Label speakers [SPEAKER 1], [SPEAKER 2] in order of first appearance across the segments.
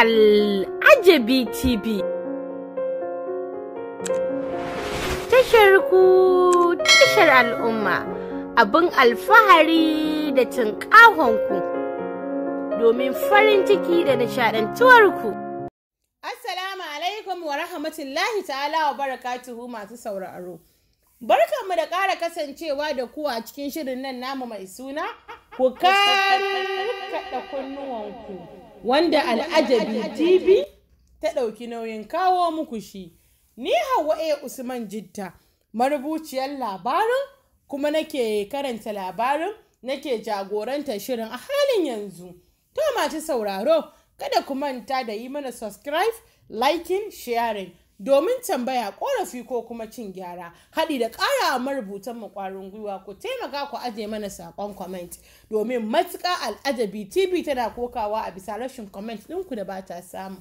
[SPEAKER 1] Al'ajabi TV. Tashar ku tashar al'umma abin alfahari da ku domin farin ciki da ku. Assalamu alaikum wa rahmatullahi ta'ala wa barakatuhu masu sauraro. Barkanmu da ƙara kasancewa da ku a cikin shirin nan namu mai suna, ku kaɗa kunnuwanku. wanda al'ajabi tv ta ɗauki nauyin kawo muku shi ni hawa a usman jitta marubuciyar labarin kuma nake karanta labarin nake jagoranta shirin a halin yanzu to masu sauraro kada ku manta da yi mana subscribe liking sharing domin tambaya korafi ko kuma cin gyara haɗi da ƙara marubutan mu ƙwarin gwiwa ku taimaka ku ajiye mana saƙon comment domin matuƙa al'ajabi tv tana kokawa a bisa rashin comment ɗinku da ba ta samu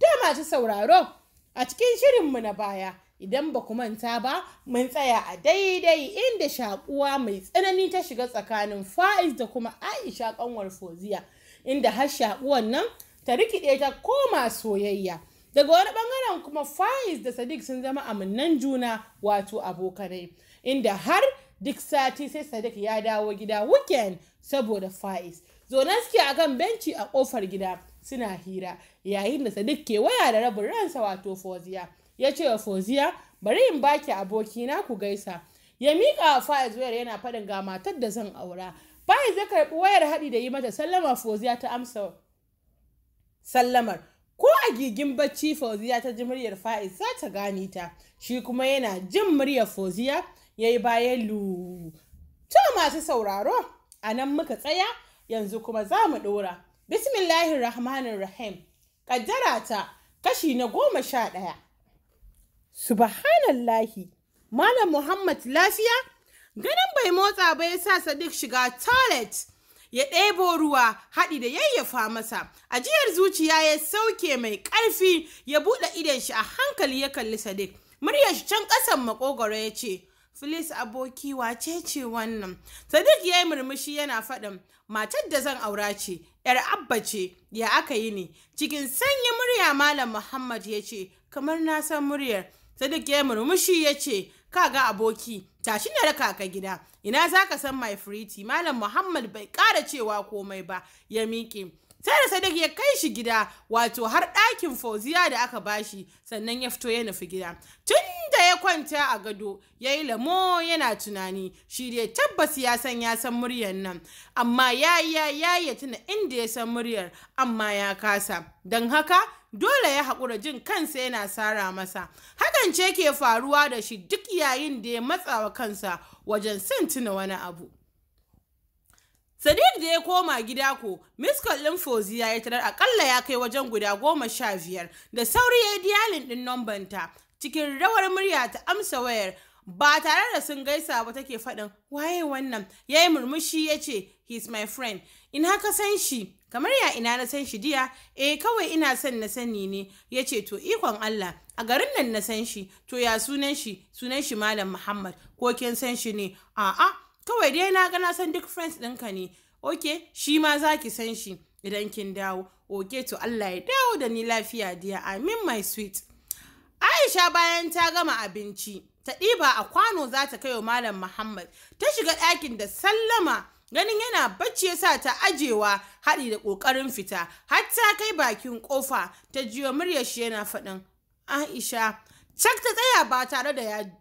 [SPEAKER 1] da masu sauraro a cikin shirin mu na baya idan ba ku manta ba mun tsaya a daidai inda shakuwa mai tsanani ta shiga tsakanin fa'iz da kuma aisha ƙanwar foziya inda har shakuwan nan ta rikide ta koma soyayya daga wani bangaren kuma faiz da sadiq sun zama aminnan juna wato abokanai inda har duk sati sai sadiq ya dawo gida weekend saboda faiz zonan suke a kan benci a kofar gida suna hira yayin da sadiq ke waya da rabin ransa wato foziya ya ce wa foziya bari in baki abokina ku gaisa ya miƙa wa faiz wayar yana faɗin ga matar da zan aura faiz ya karɓi wayar haɗi da yi mata sallama foziya ta amsa sallamar ko a gigin bacci fauziya ta ji muryar fa'iz za ta gane ta shi kuma yana jin muryar fauziya ya yi bayan lu to masu sauraro a nan muka tsaya yanzu kuma za mu ɗora bismillahir rahmanir rahim ƙaddara ta kashi na goma sha ɗaya subhanallahi malam muhammad lafiya ganin bai motsa ba ya sa sadiq shiga toilet ya ɗebo ruwa haɗi da yayyafa masa ajiyar zuciya ya sauke mai ƙarfi ya buɗe idon shi a hankali ya kalli sadiq muryar shi can ƙasan makogoro ya ce Filis aboki wace ce wannan? Sadiq ya yi murmushi yana faɗin matar da zan aura ce, ‘yar abba ce, ya aka yi ne. Cikin sanyi murya Malam Muhammad ya ce, kamar na san muryar. Sadiq ya yi murmushi ya ce, Ka ga aboki tashi na raka ka gida ina zaka san my pretty malam muhammad bai kara cewa komai ba ya miƙe sai da Sadiq ya kai shi gida wato har ɗakin fauziya da aka bashi sannan ya fito ya nufi gida tun da ya kwanta a gado ya yi lamo yana tunani shi dai tabbas ya san ya san muryar nan amma ya ya ya ya tuna inda ya san muryar amma ya kasa don haka dole ya haƙura jin kansa yana sara masa hakan ce ke faruwa da shi duk yayin da ya matsawa kansa wajen son tuna wani abu Sadiq da ya koma gida ko, miskol ɗin Foziya ya tarar akalla ya kai wajen guda goma sha biyar da sauri ya yi diyalin ɗin ta. cikin rawar murya ta amsa wayar ba tare da sun gaisa ba take faɗin waye wannan ya yi murmushi ya ce he's my friend ina ka san shi kamar ya ina na san shi diya eh kawai ina son na sani ne ya ce to ikon Allah a garin nan na san shi to ya sunan shi sunan shi malam Muhammad ko kin san shi ne a'a kawai dai na ga na san duk friends ɗinka ne ok shi ma za ki san shi idan kin dawo ok to allah ya dawo da ni lafiya I mean my sweet aisha bayan ta gama abinci ta ɗiba a kwano za ta kai wa malam muhammad ta shiga ɗakin da sallama ganin yana bacci ya sa ta ajewa haɗi da ƙoƙarin fita har ta kai bakin ƙofa ta jiyo muryar shi yana faɗin aisha Cak ta tsaya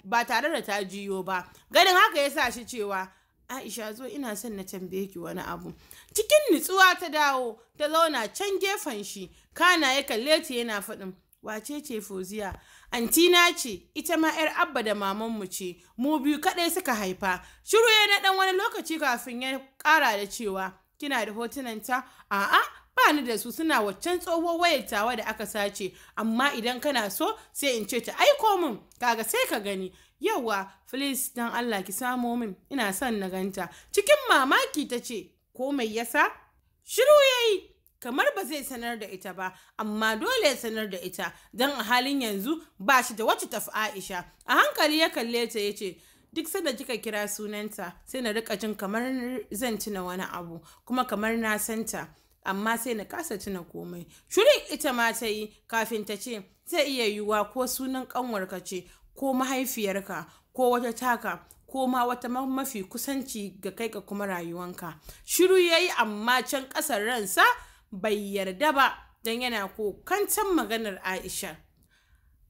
[SPEAKER 1] ba tare da ta jiyo ba. Ganin haka ya sa shi cewa Aisha zo ina son na tambaye ki wani abu. Cikin nutsuwa ta dawo ta zauna can gefen shi. Kana ya kalle ta yana faɗin wace ce anti na ce, ita ma 'yar abba da maman mu ce, mu biyu kaɗai suka haifa. Shiru ya na wani lokaci kafin ya ƙara da cewa, kina da hotunanta? A'a, ba ni da su suna waccan tsohuwar wayar tawa da aka sace amma idan kana so sai in ce ta aiko min kaga sai ka gani yawa please dan Allah ki samo min ina son na ganta cikin mamaki ta ce ko mai yasa shiru yayi kamar ba zai sanar da ita ba amma dole ya sanar da ita don a halin yanzu ba shi da wacce tafi aisha a hankali ya kalle ta ya ce duk sanda kika kira sunanta sai na rika jin kamar zan tuna wani abu kuma kamar na santa amma sai na kasa tuna komai shirin ita ma ta yi kafin ta ce zai iya yiwuwa ko sunan kanwarka ce ko mahaifiyarka ko wata taka ko ma wata mafi kusanci ga kai ka kuma rayuwanka shiru ya yi amma can ƙasar ransa bai yarda ba don yana ko kokantan maganar aisha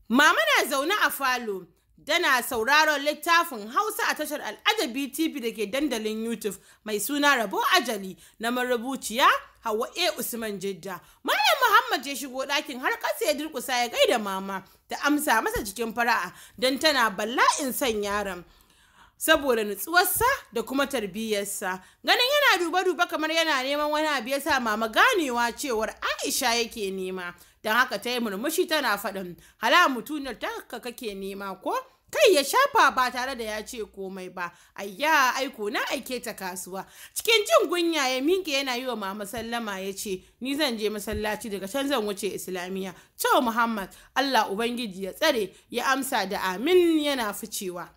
[SPEAKER 1] mama na zaune a falo Dana sauraron littafin Hausa a tashar Al'ajabi TV da ke dandalin YouTube mai suna Rabo Ajali na marubuciya Hauwa A. Usman Jidda. Malam Muhammad ya shigo ɗakin har ƙasa ya durƙusa ya gaida mama ta amsa masa cikin fara'a don tana bala'in son yaron. Saboda nutsuwarsa da kuma tarbiyyarsa. Ganin yana duba-duba kamar yana neman wani abu ya sa mama ganewa cewar Aisha yake nema. don haka ta yi murmushi tana faɗin hala mutunar ta kake nema ko kai ya shafa ba tare da ya ce komai ba ayya aiko na aike ta kasuwa cikin jin gunya ya minke yana yi wa mama sallama ya ce ni zan je masallaci daga can zan wuce islamiya cewa muhammad allah ubangiji ya tsare ya amsa da amin yana ficewa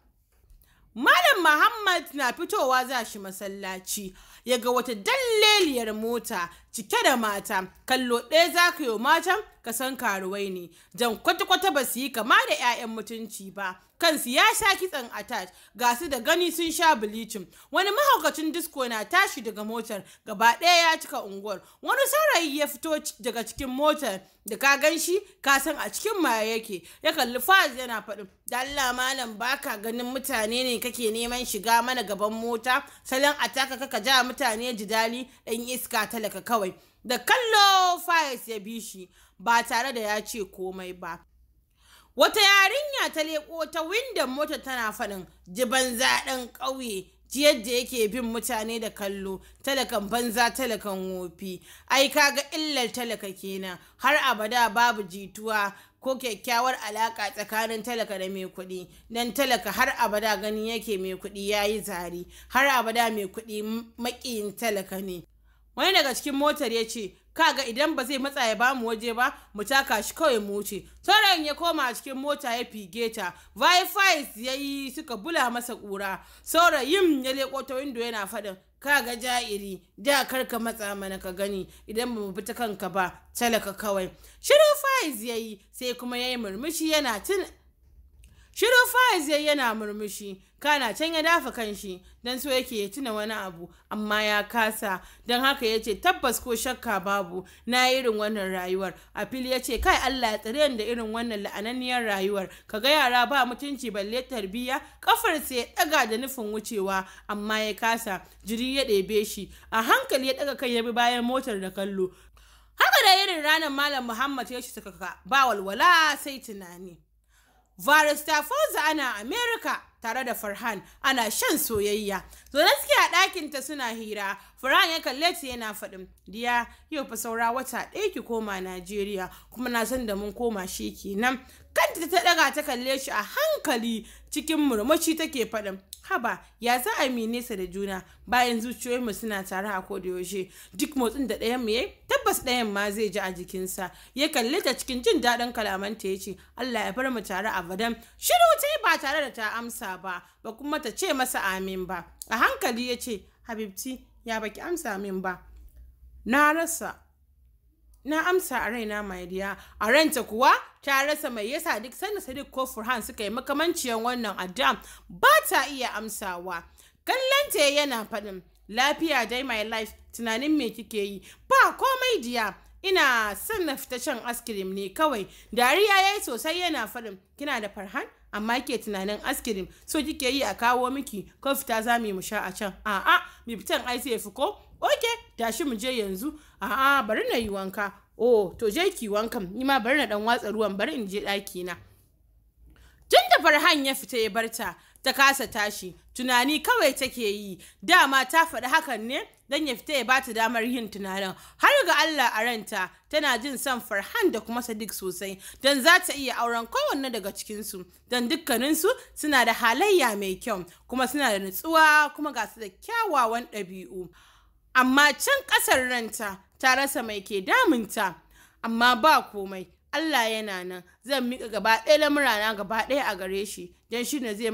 [SPEAKER 1] malam muhammad na fitowa za shi masallaci ya ga wata dalleliyar mota cike da mata kallo ɗaya za ka yi matan ka san karuwai ne jan kwata-kwata ba su yi kama da 'ya'yan mutunci ba kansu ya sha kitsan attach ga su da gani sun sha bilicin wani mahaukacin disko na tashi daga motar gaba ɗaya ya cika unguwar wani saurayi ya fito daga cikin motar da ka gan shi ka san a cikin maya yake ya kalli faz yana faɗin da Allah malam baka ganin mutane ne kake neman shiga mana gaban mota salon ataka kaka ja mutane jidali ɗan iska talaka kawai kawai da kallo fayes ya bi shi ba tare da ya ce komai ba wata yarinya ta leƙo ta windon mota tana faɗin jiban zaɗin ƙauye ji yadda yake bin mutane da kallo talakan banza talakan wofi ai kaga illar talaka kenan har abada babu jituwa ko kyakkyawar alaƙa tsakanin talaka da mai kuɗi Nan talaka har abada ganin yake mai kuɗi ya yi zari har abada mai kuɗi maƙiyin talaka ne wani daga cikin motar ya ce kaga idan ba zai matsa ya bamu waje ba mu taka shi kawai mu wuce tauren ya koma a cikin mota ya fige ta vifis ya yi suka bula masa ƙura saurayin ya leƙo ta windo yana faɗin kaga ja'iri da ka matsa mana ka gani idan ba mu fita kanka ba talaka kawai shirin fais ya yi sai kuma ya yi murmushi yana tun shiru fais ya yana murmushi kana can ya dafa kanshi don so yake ya tuna wani abu amma ya kasa don haka ya ce tabbas ko shakka babu na irin wannan rayuwar a fili ya ce kai Allah ya tsare da irin wannan la'ananniyar rayuwar ka ga yara ba mutunci balle tarbiyya kafar sai ya daga da nufin wucewa amma ya kasa jiri ya ɗebe shi a hankali ya daga kan ya bi bayan motar da kallo haka da irin ranar malam muhammad ya shi suka ba walwala sai tunani varista ana Amerika. tare da Farhan ana shan soyayya. Zaune a ɗakinta suna hira, Farhan ya kalle ta yana faɗin, diya yau fa saura wata ɗaya ki koma Najeriya kuma na san da mun koma shi kenan. Kanta ta ɗaga ta kalle shi a hankali cikin murmushi take faɗin, haba ya za a mi nesa da juna bayan zuciyoyinmu suna tare a da yaushe duk motsin da ɗayan mu yayi tabbas ɗayan ma zai ji a jikinsa ya kalle ta cikin jin daɗin kalamanta ya ce Allah ya bar mu tare a badan shiru ta yi ba tare da ta amsa ba ba kuma ta ce masa amin ba a hankali ya ce habibti ya baki amsa min ba na rasa na amsa a raina mai diya a ranta kuwa ta rasa mai yasa duk sanda sadiq ko furhan suka yi makamanciyar wannan addu'a ba ta iya amsawa kallanta yana faɗin lafiya dai my life tunanin me kike yi ba komai diya ina son na fita shan askirim ne kawai dariya yayi sosai yana faɗin kina da farhan amma ke tunanin askirim so kike yi a kawo miki ko fita za mu sha a can a'a mi fitan ai sai fi ko tashi mu je yanzu a'a bari na yi wanka oh to je ki wankan ni ma bari na dan watsa ruwan bari in je ɗaki na tun da farhan ya fita ya barta ta kasa tashi tunani kawai take yi dama ta faɗi hakan ne don ya fita ya bata damar yin tunanin har ga Allah a ranta tana jin son Farhan da kuma Sadiq sosai don za ta iya auren kowanne daga cikinsu don dukkaninsu suna da halayya mai kyau kuma suna da nutsuwa kuma ga su da kyawawan ɗabi'u. amma can ƙasar ranta ta rasa mai ke damunta amma ba komai Allah yana nan zan miƙa gaba ɗaya lamurana gaba ɗaya a gare shi don shi ne zai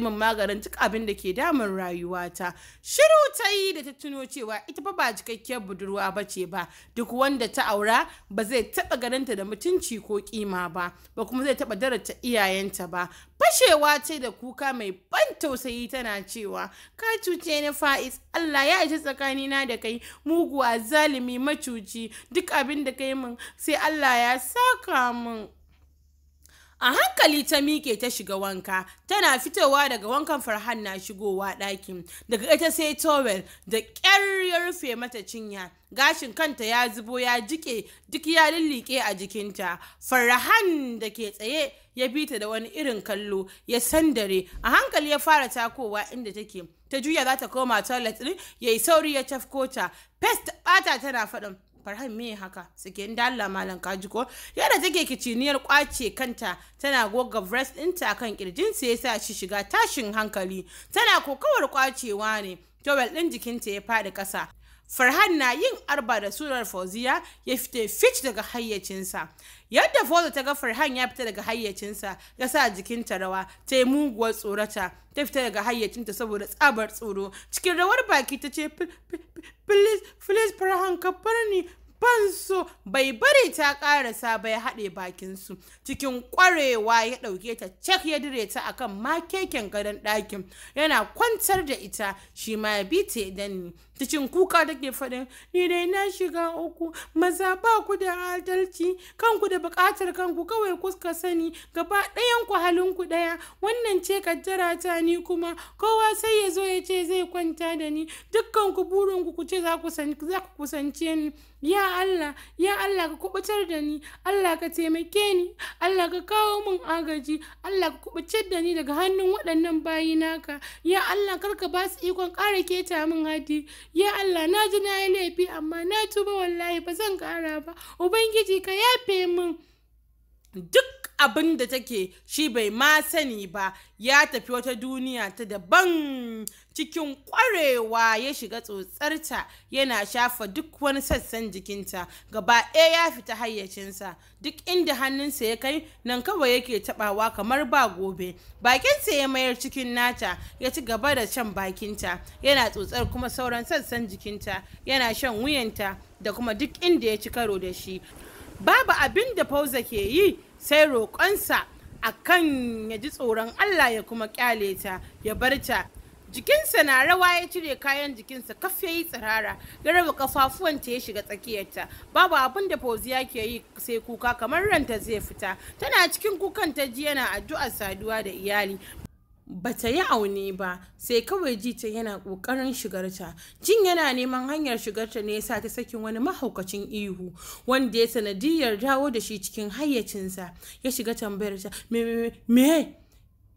[SPEAKER 1] min maganin duk abin da ke damun rayuwata shiru ta yi da ta tuno cewa ita fa ba cikakkiyar budurwa ba ce ba duk wanda ta aura ba zai taɓa ganinta da mutunci ko kima ba ba kuma zai taɓa darata iyayenta ba fashewa ce da kuka mai ban tausayi tana cewa ka cuce ni fa'is Allah ya isa tsakanina da kai muguwa zalimi macuci duk abin da kai min sai Allah ya saka min A hankali ta miƙe ta shiga wanka, tana fitowa daga wankan Farhan na shigowa ɗakin. Daga ita sai towel da ƙyar ya rufe mata cinya. Gashin kanta ya zubo ya jike duk ya lulluƙe a jikinta. Farhan da ke tsaye ya bi ta da wani irin kallo ya sandare a hankali ya fara takowa inda take ta juya za ta koma toilet ɗin ya yi sauri ya tafko ta pest ɓata tana faɗin farhan me haka suke inda Allah malam kaji ko yadda take kiciniyar kwace kanta tana goga breast ɗinta akan kirjin sa yasa shi shiga tashin hankali tana kokawar kwacewa ne towel ɗin jikinta ya faɗi ƙasa Farhan na yin arba da surar Fauziya ya fita fic daga hayyacinsa. Yadda Fauzi ta ga Farhan ya fita daga hayyacinsa ya sa jikinta rawa ta yi muguwar tsorata ta fita daga hayyacinta saboda tsabar tsoro cikin rawar baki ta ce please Farhan ka bar ni so bai bari ta karasa ba ya haɗe bakinsu cikin ƙwarewa ya ɗauke ta cak ya dire ta akan makeken gadon ɗakin yana kwantar da ita shi ma ya bi ta cikin kuka take faɗin ni dai na shiga uku maza ba ku da adalci kanku da buƙatar kanku kawai kuka sani gaba ɗayan ku halin ɗaya wannan ce kaddara ta ni kuma kowa sai ya zo ya ce zai kwanta da ni dukkan ku burin ku ce za ku kusance ni ya Allah ya Allah ka kubutar da ni Allah ka taimake ni Allah ka kawo min agaji Allah ka kubutar da ni daga hannun waɗannan bayi naka ya Allah karka ba su ikon ƙara keta min hadi ya Allah na ji na yi laifi amma na tuba wallahi ba zan ƙara ba ubangiji ka yafe min duk abin da take shi bai ma sani ba ya tafi wata duniya ta daban cikin kwarewa ya shiga tsotsarta yana shafa duk wani sassan jikinta gaba ɗaya ya fita hayyacinsa duk inda hannunsa ya kai nan kawai yake tabawa kamar ba gobe bakinsa ya mayar cikin nata ya ci gaba da shan bakinta yana tsotsar kuma sauran sassan jikinta yana shan wuyanta da kuma duk inda ya ci karo da shi babu abin da fauza ke yi sai roƙonsa a kan ya ji tsoron Allah ya kuma ƙyale ta ya bar ta jikinsa na rawa ya cire kayan jikinsa kaf ya yi tsirara ya raba ta ya shiga tsakiyarta babu abin da fauziya ke yi sai kuka kamar ranta zai fita tana cikin kukan ta ji yana addu'ar saduwa da iyali ba ta yi aune ba sai kawai ji ta yana ƙoƙarin shigarta jin yana neman hanyar shigarta ne yasa ta sakin wani mahaukacin ihu wanda ya sanadiyar dawo da shi cikin hayyacinsa ya shiga tambayar ta me me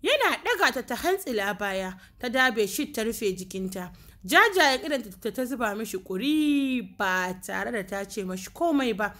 [SPEAKER 1] yana ɗaga ta ta hantsila baya ta dabe shi ta rufe jikinta jajaye kiranta ta ta zuba mishi ƙuri ba tare da ta ce mashi komai ba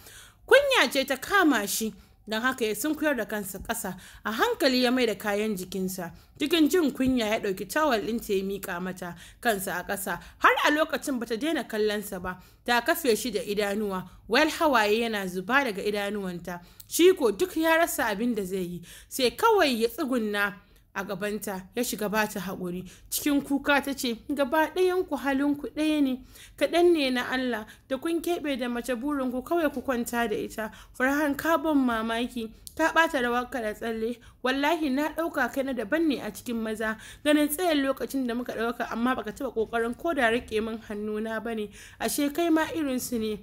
[SPEAKER 1] kunya ce ta kama shi don haka ya sunkuyar da kansa ƙasa a hankali ya mai da kayan jikinsa cikin jin kunya ya ɗauki tawal ta ya mika mata kansa a ƙasa har a lokacin bata daina kallonsa ba ta kafe shi da idanuwa wel hawaye yana zuba daga idanuwanta shi ko duk ya rasa abin da zai yi sai kawai ya tsugunna a gabanta ya shiga ba ta haƙuri cikin kuka ta ce gaba ɗayanku halinku ɗaya ne kaɗan ne na Allah da kun keɓe da mace burinku kawai ku kwanta da ita farhan kabon mamaki ta ɓata rawa da tsalle wallahi na ɗauka kai na daban ne a cikin maza ganin tsayin lokacin da muka ɗauka amma baka taɓa ƙoƙarin ko da riƙe min hannuna ba ne ashe kai ma irinsu ne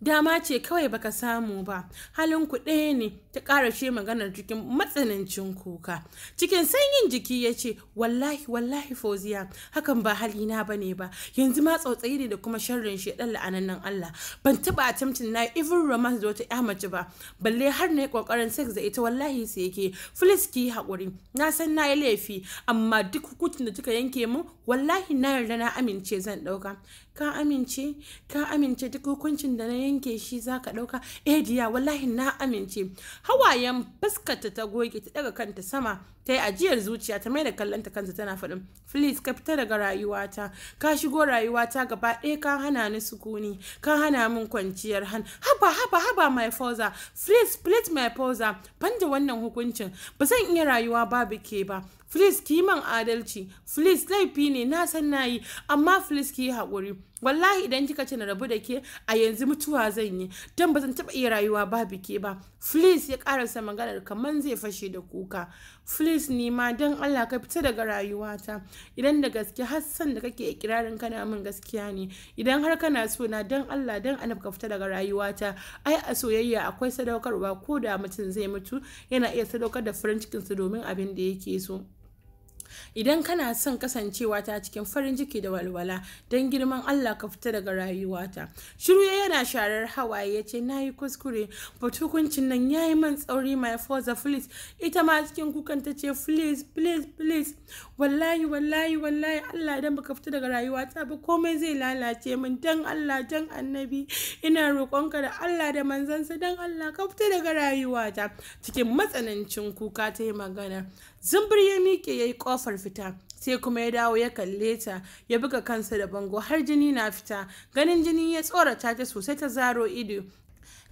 [SPEAKER 1] dama ce kawai baka samu ba halin ku ɗaya ne ta ƙarashe maganar cikin matsanancin kuka cikin sanyin jiki ya ce wallahi wallahi fauziya hakan ba halina ba ne ba yanzu ma tsautsayi ne da kuma sharrin shaidan la'anannan Allah ban taɓa attempting na even romance da wata ƴa mace ba balle har na yi ƙoƙarin sex da ita wallahi sai yake filis ki haƙuri na san na yi laifi amma duk hukuncin da kika yanke min wallahi na yarda na amince zan ɗauka ka amince ka amince duk hukuncin da na yanke shi zaka dauka eh diya wallahi na amince hawayen fuskarta ta goge ta daga kanta sama ta yi ajiyar zuciya ta mai da kallon kanta tana faɗin please ka fita daga rayuwata ka shigo rayuwata gaba ɗaya ka hana ni sukuni ka hana min kwanciyar han haba haba haba my fauza please please my fauza banda wannan hukuncin ba zan iya rayuwa babu ke ba please ki man adalci please laifi ne na san nayi amma please ki haƙuri wallahi idan kika ce na rabu da ke a yanzu mutuwa zan yi don ba zan taba iya rayuwa ba bike ba flis ya karasa maganar kamar zai fashe da kuka flis ni ma don allah ka fita daga rayuwata idan da gaske hassan da kake ikirarin kana min gaskiya ne idan har kana so na don allah don anab ka fita daga rayuwata ai a soyayya akwai sadaukarwa ko da mutum zai mutu yana iya sadaukar da farin cikinsu domin abin da yake so idan kana son kasancewa ta cikin farin ciki da walwala don girman allah ka fita daga rayuwata shiru ya yana sharar hawaye ya ce na yi kuskure but hukuncin nan ya yi man tsauri my father please ita ma cikin kukan ta ce please please please wallahi wallahi wallahi allah idan baka fita daga rayuwata ba komai zai lalace min dan allah dan annabi ina roƙonka da allah da manzansa dan allah ka fita daga rayuwata cikin matsanancin kuka ta yi magana zumbir ya miƙe ya yi ƙofar fita sai kuma ya dawo ya kalle ta ya buga kansa da bango har jini na fita ganin jini ya tsorata ta sosai ta zaro ido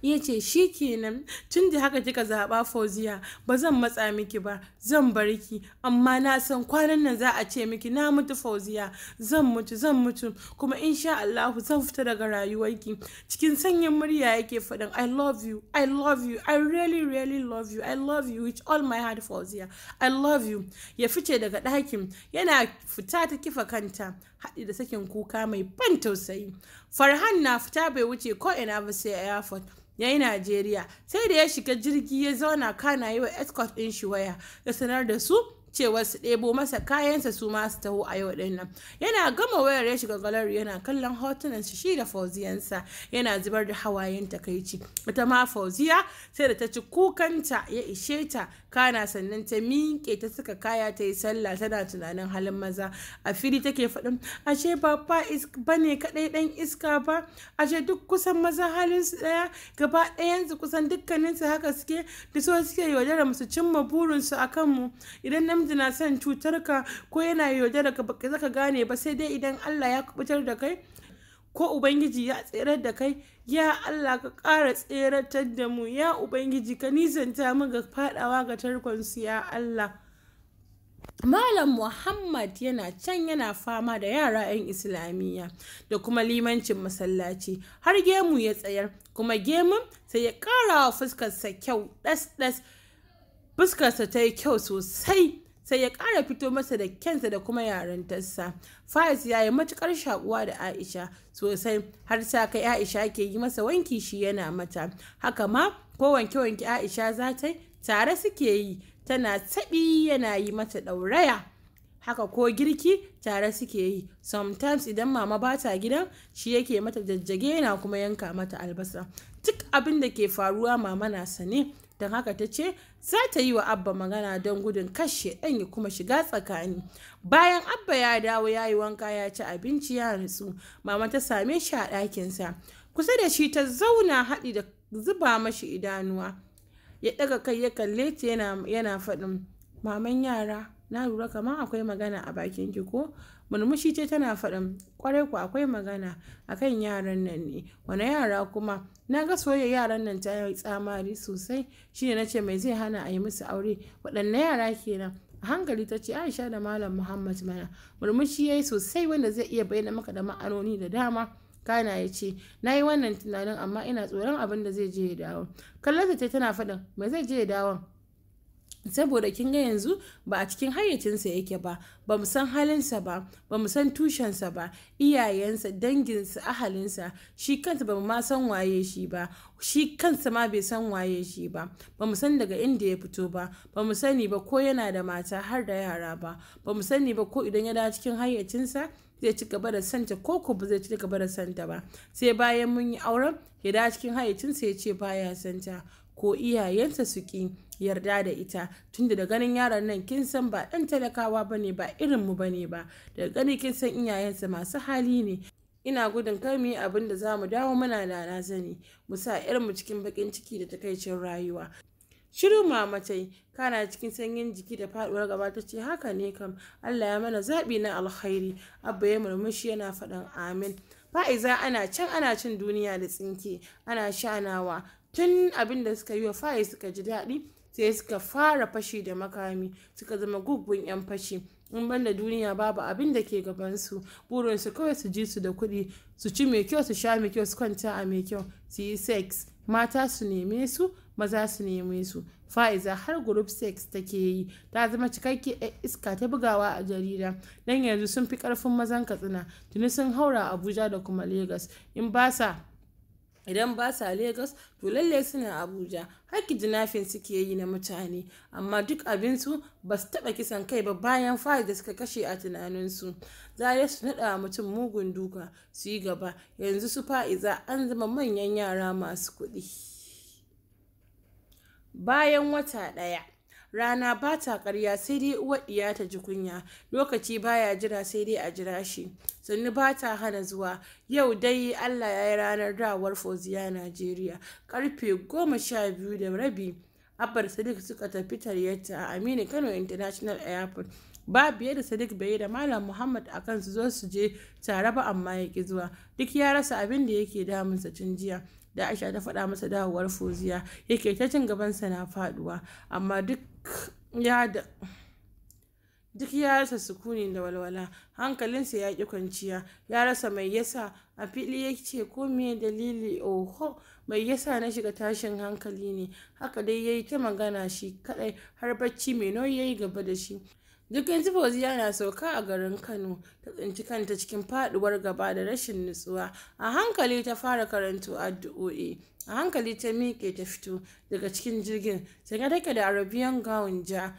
[SPEAKER 1] ya ce shi kenan tun da haka kika zaɓa fauziya ba zan matsa miki ba zan bar ki amma na san kwanan nan za a ce miki na mutu fauziya zan mutu zan mutu kuma insha Allahu zan fita daga rayuwarki cikin sanyin murya yake faɗin I love you I love you I really really love you I love you with all my heart fauziya I love you ya fice daga ɗakin yana fita ta kifa kanta haɗi da sakin kuka mai ban tausayi farhan na fita bai wuce ko ina ba sai airport ya yi najeriya sai da ya shiga jirgi ya zauna kana yi wa escort ɗin shi waya da sanar da su cewa su ɗebo masa kayansa su ma su taho a yau ɗin nan yana gama wayar ya shiga galari yana kallon hotunan shi shi da fauziyansa yana zubar da hawayen takaici ita ma fauziya sai da ta ci kukanta ya ishe ta kana sannan ta miƙe ta suka kaya ta yi sallah tana tunanin halin maza a fili take faɗin ashe ba ba bane kaɗai ɗan iska ba ashe duk kusan maza halin su ɗaya gaba ɗaya yanzu kusan dukkaninsu haka suke da so suke yaudara musu cimma burinsu a kanmu idan namiji na son cutar ka ko yana yaudara ka baka zaka gane ba sai dai idan Allah ya kubutar da kai ko ubangiji ya tserar da kai ya Allah ka kara tseratar da mu ya ubangiji ka nisanta mu ga fadawa ga tarkon su ya Allah Malam Muhammad yana can yana fama da yara 'yan Islamiyya da kuma limancin masallaci har gemu ya tsayar kuma gemun sai ya ƙara wa fuskarsa kyau ɗas-ɗas fuskarsa ta yi kyau sosai sai ya ƙara fito masa da kyansa da kuma yarantarsa faiz ya yi matukar shakuwa da aisha sosai har sa ka aisha ke yi masa wanki shi yana mata haka ma ko wanke wanke aisha za ta tare suke yi tana tabi yana yi mata ɗauraya haka ko girki tare suke yi sometimes idan mama ba ta gidan shi yake mata jajjage yana kuma yanka mata albasa duk abin da ke faruwa mama na sane don haka ta ce za ta yi wa abba magana don gudun kashe ɗan ya kuma shiga tsakani bayan abba ya dawo ya yi wanka ya ci abinci ya nutsu mama ta same shi a ɗakinsa kusa da shi ta zauna haɗi da zuba mashi idanuwa ya ɗaga kai ya kalle ta yana faɗin maman yara na lura kamar akwai magana a bakin ki ko murmushi ce tana faɗin kwarai ku akwai magana akan yaran nan ne wani yara kuma na ga soyayya yaran nan ta yi tsamari sosai shi ne na ce mai zai hana a yi musu aure waɗanne yara kenan a hankali ta ce aisha da malam muhammad mana murmushi ya yi sosai wanda zai iya bayyana maka da ma'anoni da dama kana ya ce na yi wannan tunanin amma ina tsoron abin da zai je ya dawo kallon ta tana faɗin mai zai je ya dawon saboda kin ga yanzu ba a cikin hayyacinsa yake ba ba mu san halinsa ba ba mu san tushensa ba iyayensa danginsa ahalinsa shi kansa ba ma san waye shi ba shi kansa ma bai san waye shi ba ba mu san daga inda ya fito ba ba mu sani ba ko yana da mata har da yara ba ba mu sani ba ko idan ya dawo cikin hayyacinsa zai ci gaba da santa ko ko ba zai ci gaba da santa ba sai bayan mun yi auren ya dawo cikin hayyacinsa ya ce baya santa ko iyayensa su ki yarda da ita tunda da ganin yaron nan kin san ba ɗan talakawa bane ba irin mu bane ba da gani kin san iyayensa masu hali ne ina gudun kar mu yi abin da za mu dawo muna da na zani mu sa mu cikin bakin ciki da takaicin rayuwa shirin mamatai kana cikin sanyin jiki da faduwar gaba ta ce haka ne kam allah ya mana zaɓi na alkhairi abba ya murmushi yana faɗan. amin fa'iza ana can ana cin duniya da tsinke ana shanawa tun abin da suka yi wa fa'i suka ji daɗi sai suka fara fashi da makami suka zama guggun 'yan fashi in banda duniya babu abin da ke gabansu burinsu kawai su ji su da kuɗi su ci mai kyau su sha mai kyau su kwanta a mai kyau su yi sex mata su neme su maza su neme su fa'iza har group sex take yi ta zama cikakke iska ta bugawa a jarida dan yanzu sun fi karfin mazan katsina tuni sun haura abuja da kuma lagos in ba sa idan ba sa lagos to lallai suna Abuja haƙƙi jinafin suke yi na mutane amma duk abinsu ba su taɓa kisan kai ba bayan fari da suka kashe a tunaninsu za a su naɗa mutum mugun duka su yi gaba yanzu su fa'iza an zama manyan yara masu kuɗi bayan wata ɗaya rana ba ta ƙarya sai dai uwar ɗiya ta ji kunya lokaci baya jira sai dai a jira shi sannu ba ta hana zuwa yau dai allah ya yi ranar dawar foziya najeriya karfe goma sha biyu da rabi abbar sadiq suka tafi taryarta a aminu kano international airport ba biye da sadiq bai da malam muhammad akan kan su zo su je tare ba amma ya ki zuwa duk ya rasa abin da yake damunsa tun jiya da aisha ta faɗa masa dawowar foziya yake ta cin gabansa na faduwa amma duk ya da duk ya rasa sukuni da walwala hankalinsa ya ƙi kwanciya ya rasa mai yasa a fili ya ce ko me dalili oho mai yasa na shiga tashin hankali ne haka dai ya yi ta magana shi kadai har bacci mai nauyi ya yi gaba da shi duk yanzu fauziya na sauka a garin kano ta tsinci kanta cikin faduwar gaba da rashin nutsuwa a hankali ta fara karanto addu'o'i a hankali ta miƙe ta fito daga cikin jirgin sanya take da arabian gawun ja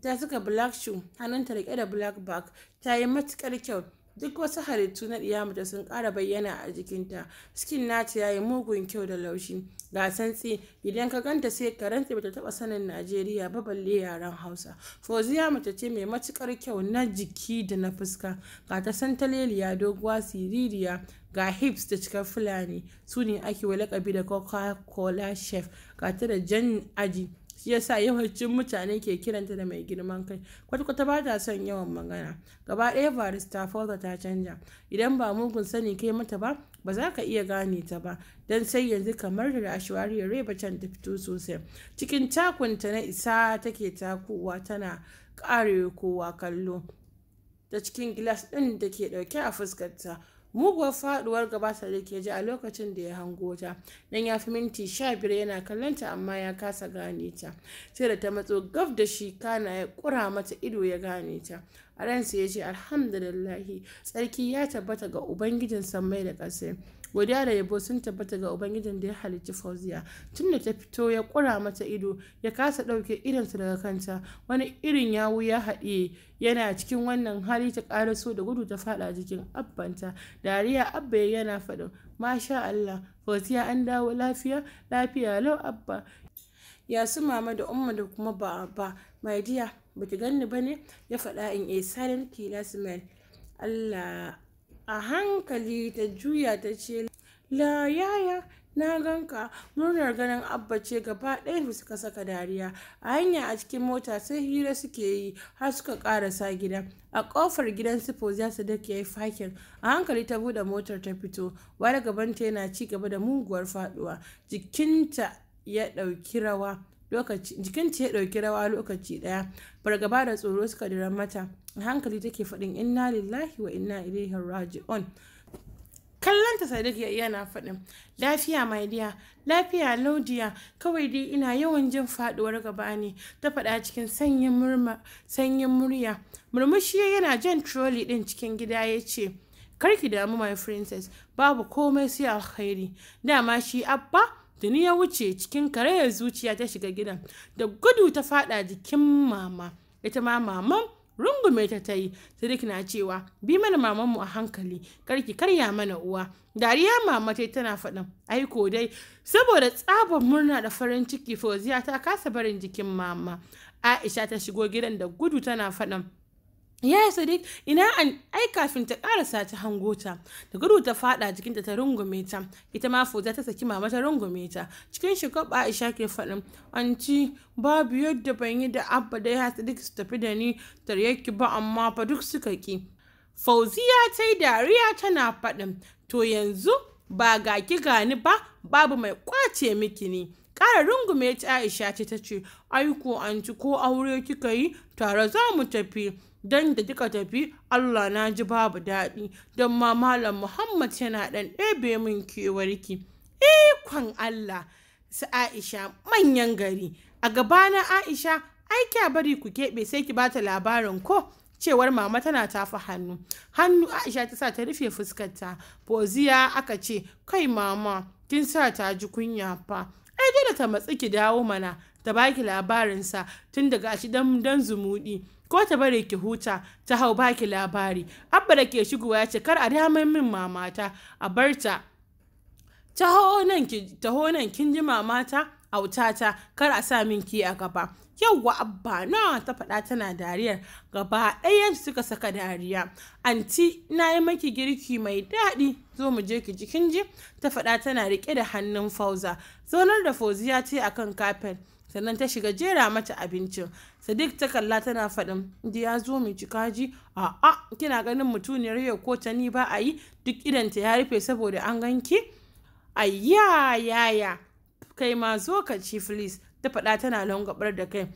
[SPEAKER 1] ta saka black shoe hannunta rike da black bag ta yi matukar kyau duk wasu halittu na diyamata sun kara bayyana a jikinta skin nata yayi mugun kyau da laushi ga santsi idan ka ganta sai ka rantse bata taɓa sanin najeriya ba balle yaren hausa fauziya mace ce mai matukar kyau na jiki da na fuska ga ta santaleliya doguwa siririya ga hips da cikar fulani su ne ake wa lakabi da coca cola chef ga ta da jan aji shi sa yawancin mutane ke kiranta da mai girman kai kwata-kwata ba ta son yawan magana gaba ɗaya ta fauza ta canja idan ba mugun sani kai mata ba ba za ka iya gane ta ba don sai yanzu kamar da ya reba can ta fito sosai cikin takunta na isa take takowa tana ƙarewa kowa kallo ta cikin gilas ɗin da ke ɗauke a fuskarta muguwar faduwar gaba da ke ji a lokacin da ya hango ta dan ya fi minti sha biyar yana kallon ta amma ya kasa gane ta sai da ta matso gaf da shi kana ya kura mata ido ya gane ta a ransa ya ce alhamdulillahi tsarki ya tabbata ga ubangijin sammai da ƙasai godiya da yabo sun tabbata ga ubangijin da ya halicci fauziya da ta fito ya kura mata ido ya kasa ɗauke idonsa daga kanta wani irin yawu ya haɗe yana cikin wannan hali ta so da gudu ta faɗa jikin abbanta dariya abba yana faɗin masha allah fauziya an dawo lafiya lafiya lau abba ya su mama da umma da kuma ba ba my dear baki ganni ba ne ya faɗa in a silent killer smell allah a hankali ta juya ta ce la yaya na ganka murnar ganin abba ce gaba ɗaya suka saka dariya a hanya a cikin mota sai hira suke yi har suka ƙarasa gida a ƙofar gidan sifo za su dake yayi fakin a hankali ta buɗe motar ta fito wani gabanta yana ci gaba da muguwar faɗuwa jikinta ya ɗauki rawa lokaci jikinta ya ɗauki rawa lokaci ɗaya fargaba da tsoro suka dira mata a hankali take faɗin inna lillahi wa inna ilaihi raji'un ta sadiq ya yana faɗin lafiya mai diya lafiya laudiya kawai dai ina yawan jin faɗuwar gaba ne ta faɗa cikin sanyin murya murmushi yana jan trolley ɗin cikin gida ya ce ki damu my princess babu komai sai alkhairi dama shi abba tuni ya wuce cikin karayar zuciya ta shiga gidan da gudu ta fada jikin mama ita ma maman rungume ta ta yi sadiq na cewa bi mana mamanmu a hankali karki karya mana uwa dariya mama ta tana faɗin aiko dai saboda tsabar murna da farin ciki fauziya ta kasa barin jikin mama aisha ta shigo gidan da gudu tana faɗin ya yi sadiq ina an ai kafin ta karasa ta hango ta da gudu ta fada jikinta ta rungume ta ita ma fuza ta saki mama ta rungume ta cikin shikab aisha ke faɗin anti babu yadda ban yi da abba da ya sadiq su tafi da ni taryaki ba amma fa duk suka ki fauziya ta yi dariya tana faɗin to yanzu ba ga ki gani ba babu mai kwace miki ne kara rungume ta aisha ce ta ce aiko ci ko aure kika yi tare za mu tafi don da kika tafi Allah na ji babu daɗi don ma Malam Muhammad yana ɗan ɗebe min kewarki. kwan Allah su Aisha manyan gari a gabana Aisha ai kya bari ku keɓe sai ki bata labarin ko cewar mama tana tafi hannu hannu Aisha ta sa ta rufe fuskarta poziya aka ce kai mama kin sa ta ji kunya fa ai dole ta matsi ki dawo mana ta baki labarinsa tun daga shi dan dan zumuɗi ko ta bari ki huta ta hau baki labari abba da ke shigowa ya ce kar a damar min mamata a barta taho nan kin ji mamata ta. kar a sa min ki a gaba yauwa abba na ta faɗa tana dariyar gaba ɗaya suka saka dariya anti na yi maki girki mai daɗi zo mu je ki ji, kin ji ta faɗa tana riƙe da hannun fauza zonar da fauziya ce akan kafet sannan ta shiga jera mata abincin sadiq ta kalla tana faɗin da ya zo mai cikaji a a kina ganin mutuniyar yau ko ta ni ba a yi duk idanta ya rufe saboda an ganki ayya yaya kai ma zo ka ci filis ta faɗa tana longabar da kai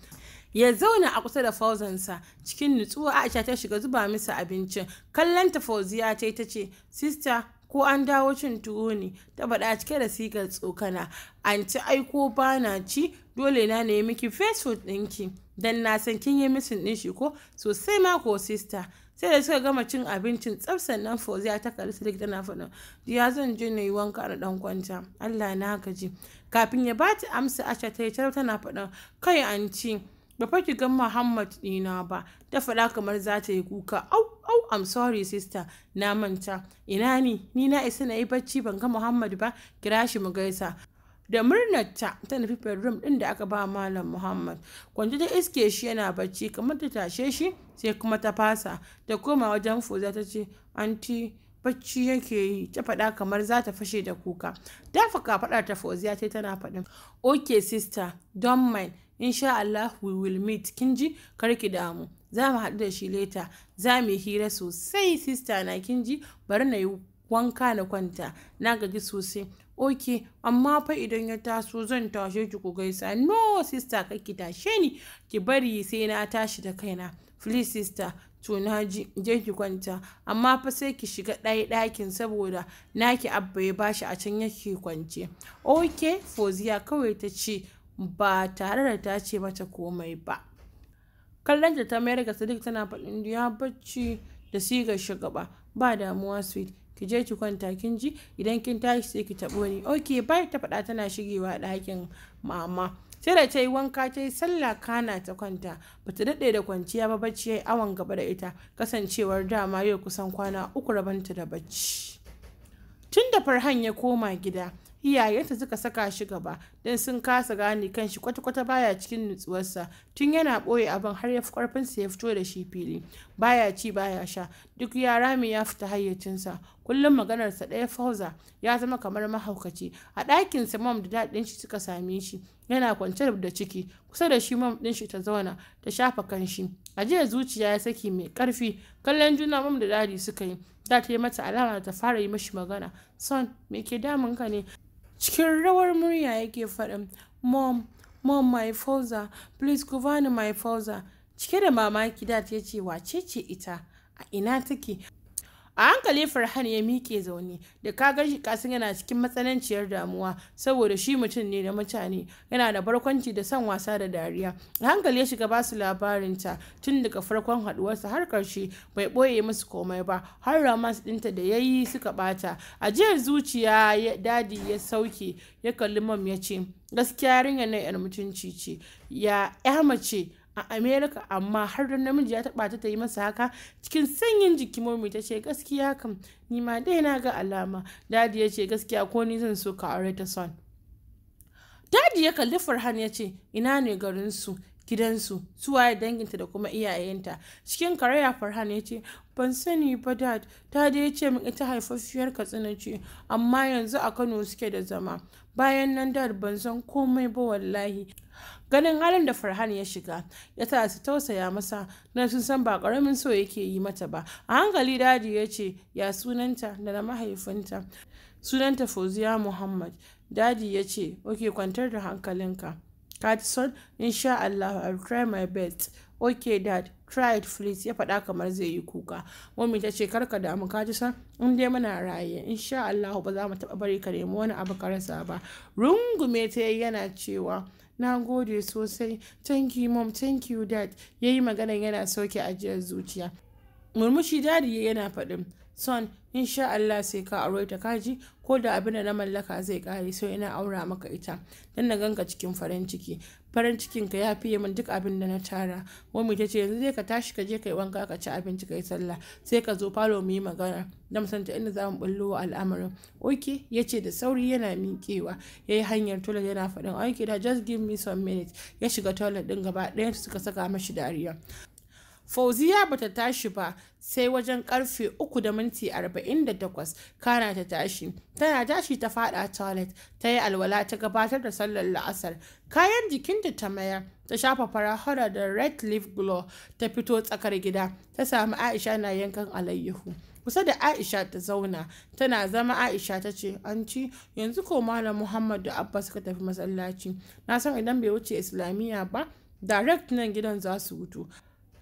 [SPEAKER 1] ya zauna a kusa da fauzansa cikin nutsuwa aisha ta shiga zuba masa abincin kallon ta fauziya ta ta ce sista ko an dawo cin tuwo ne ta faɗa cike da sigar tsokana an ci aiko ba na ci dole na ne miki facebook ɗinki dan na san kin yi misin ɗin shi ko sosai ma ko sista sai da suka gama cin abincin tsaf sannan fauziya ta su silik tana faɗa ya zan ji na yi wanka da ɗan kwanta allah na gaji kafin ya ba ta amsa asha ta yi tana faɗa kai an ci ba fa ki ga muhammad ɗina ba ta faɗa kamar za ta yi kuka au oh i'm sorry sister na manta ina ni ni na isa na yi bacci ban ga muhammad ba kira shi mu gaisa da murnar ta nufi bedroom din da aka ba malam muhammad kwanci ta iske shi yana bacci kamar ta tashe shi sai kuma ta fasa ta koma wajen fuza ta ce anti bacci yake yi ta faɗa kamar za ta fashe da kuka ta faka faɗa ta fauziya ta tana faɗin okay sister don't mind insha Allah we will meet kin ji ki damu za mu haɗu da shi leta za mu yi hira sosai sista na kin ji bari na yi wanka na kwanta na gaji sosai ok amma fa idan ya taso zan tashe ki ku gaisa no sista ki tashe ni ki bari sai na tashi da kaina Fili, sister to na je ki kwanta amma fa sai ki shiga ɗaya ɗakin saboda naki abba ya bashi a can yake kwance ok fozia kawai ta ce ba tare da ta ce mata komai ba kallon ta ta mayar ga sadiq tana faɗin ya bacci da sigar shugaba ba damuwa sweet ki je ki kwanta kin ji idan kin tashi sai ki taɓo ni ok bai ta faɗa tana shigewa ɗakin mama sai da ta yi wanka ta yi sallah kana ta kwanta ba ta daɗe da kwanciya ba bacci ya yi awon gaba da ita kasancewar dama yau kusan kwana uku rabanta da bacci tun da farhan ya koma gida iyayenta suka saka shi gaba don sun kasa gane kanshi kwata-kwata baya cikin nutsuwarsa tun yana ɓoye abin har ya fi ƙarfinsa ya fito da shi fili baya ci baya sha duk ya rami ya fita hayyacinsa kullum maganarsa ɗaya fauza ya zama kamar mahaukaci a ɗakinsa mam da daɗin shi suka same shi yana kwance da ciki kusa da shi mam ɗin shi ta zauna ta shafa kanshi a jiya zuciya ya saki mai karfi kallon juna mam da dadi suka yi da ta yi mata alama ta fara yi mashi magana son me ke damun ka ne cikin rawar murya yake faɗin mom mom my father please ku my father cike da mamaki da ta ce wace ce ita a ina take a hankali farhan ya miƙe zaune da ka gan shi kasin yana cikin matsananciyar damuwa saboda shi mutum ne da mutane yana da barkwanci da son wasa da dariya a hankali ya shiga basu labarinta tun daga farkon haduwarsa har karshe bai ɓoye musu komai ba har ramas dinta da yayi yi suka ɓata ajiyar zuciya dadi ya sauke ya kalli mam ya ce gaskiya yarinyar na 'yar mutunci ce ya 'ya mace a america amma har da namiji ya taba ta yi masa haka cikin sanyin jiki momi ta ce gaskiya kam ni ma dai na ga alama dadi ya ce gaskiya ko ni zan so ka aure ta son dadi ya kalli farhan ya ce ina ne garin su gidansu suwaye danginta da kuma iyayenta cikin karaya farhan ya ce ban sani ba dad ta dai ce min ita haifaffiyar katsina ce amma yanzu a kano suke da zama bayan nan dad ban san komai ba wallahi ganin halin da farhan ya shiga ya sa su tausaya masa na sun san ba karamin so yake yi mata ba a hankali dadi ya ce ya sunanta da na mahaifinta sunanta fauziya muhammad dadi ya ce ok, kwantar da hankalinka katson insha Allah, I'll try my best. Ok, Dad, tried fleet ya faɗa kamar zai yi kuka mummy ta ce karka damu ka ji san in dai muna raye insha Allah ba za mu taɓa bari ka nemi wani abu ka rasa ba rungume ta yana cewa na gode sosai thank you mom thank you dad ya yi magana yana sauke ajiyar zuciya murmushi dadi yana faɗin son insha Allah sai ka aure ta kaji ko da abin da na mallaka zai kare sai ina aura maka ita dan na ganka cikin farin ciki farin cikinka ya fiye min duk abin da na tara mami ta ce yanzu zai ka tashi ka je ka yi wanka ka ci abinci ka yi sallah sai ka zo falo mu yi magana na musanta inda za mu bullo wa al'amarin oke ya ce da sauri yana miƙewa ya yi hanyar toilet yana faɗin oke da just give me some minutes ya shiga toilet ɗin gaba ɗaya suka saka mashi dariya Fauziya ba ta tashi ba sai wajen karfe 3 da minti 48 kana ta tashi. Tana tashi ta fada toilet ta yi alwala ta gabatar da sallar la'asar. Kayan jikinta ta mayar ta shafa farahara da red leaf glow ta fito tsakar gida ta samu Aisha na yankan alayyahu. kusa da Aisha ta zauna tana zama Aisha ta ce an ci yanzu ko Malam Muhammad da Abba suka tafi masallaci na san idan bai wuce Islamiyya ba direct nan gidan za su wuto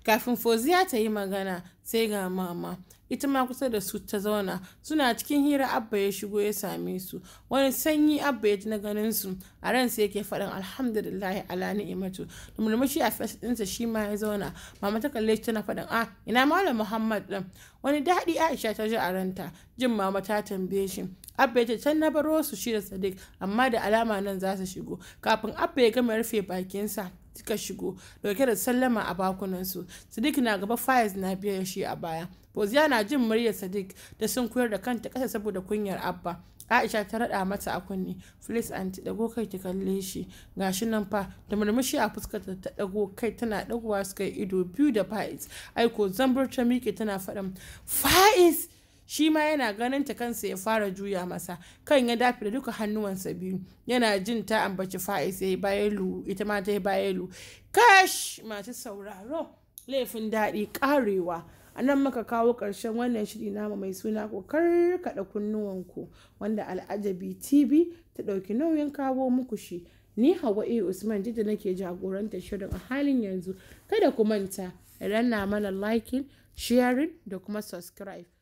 [SPEAKER 1] Kafin foziya ta yi magana, sai ga Mama, ita ma kusa da su ta zauna, suna cikin hira Abba ya shigo ya same su. Wani sanyi Abba ya ji na ganin su, a ran sai yake faɗin alhamdulillahi ala ni'imatu. murmushi a fes ɗinsa shi ma ya zauna. Mama ta kalle shi tana faɗin a ah, ina Malam Muhammad ɗin. Wani daɗi Aisha ta ji a ranta, jin Mama ta tambaye shi. Abba ya ce can na baro su shi da Sadiq, amma da alama nan za su shigo. Kafin Abba ya gama rufe bakinsa, suka shigo dauke da sallama a bakunansu sadiq na gaba faiz na biyan shi a baya boziya na jin muryar sadiq da sun koyar da kanta kasa saboda kunyar abba aisha ta rada mata a kunni please anti dago kai ta kalle shi gashi nan fa da murmushi a fuskar ta ta dago kai tana dagowa suka yi ido biyu da faiz aiko zambar ta miƙe tana faɗin faiz shi ma yana ganin ta kansa ya fara juya masa kan ya dafi da duka hannuwansa biyu yana jin ta ambaci fa'is ya yi bayelu ita ma ta yi bayelu kash masu sauraro laifin daɗi karewa. a nan muka kawo ƙarshen wannan shiri namu mai suna ku karkaɗa kunnuwanku wanda al'ajabi tv ta ɗauki nauyin kawo muku shi ni hawa e usman jidda nake jagorantar shirin a halin yanzu kada ku manta ranna mana liking sharing da kuma subscribe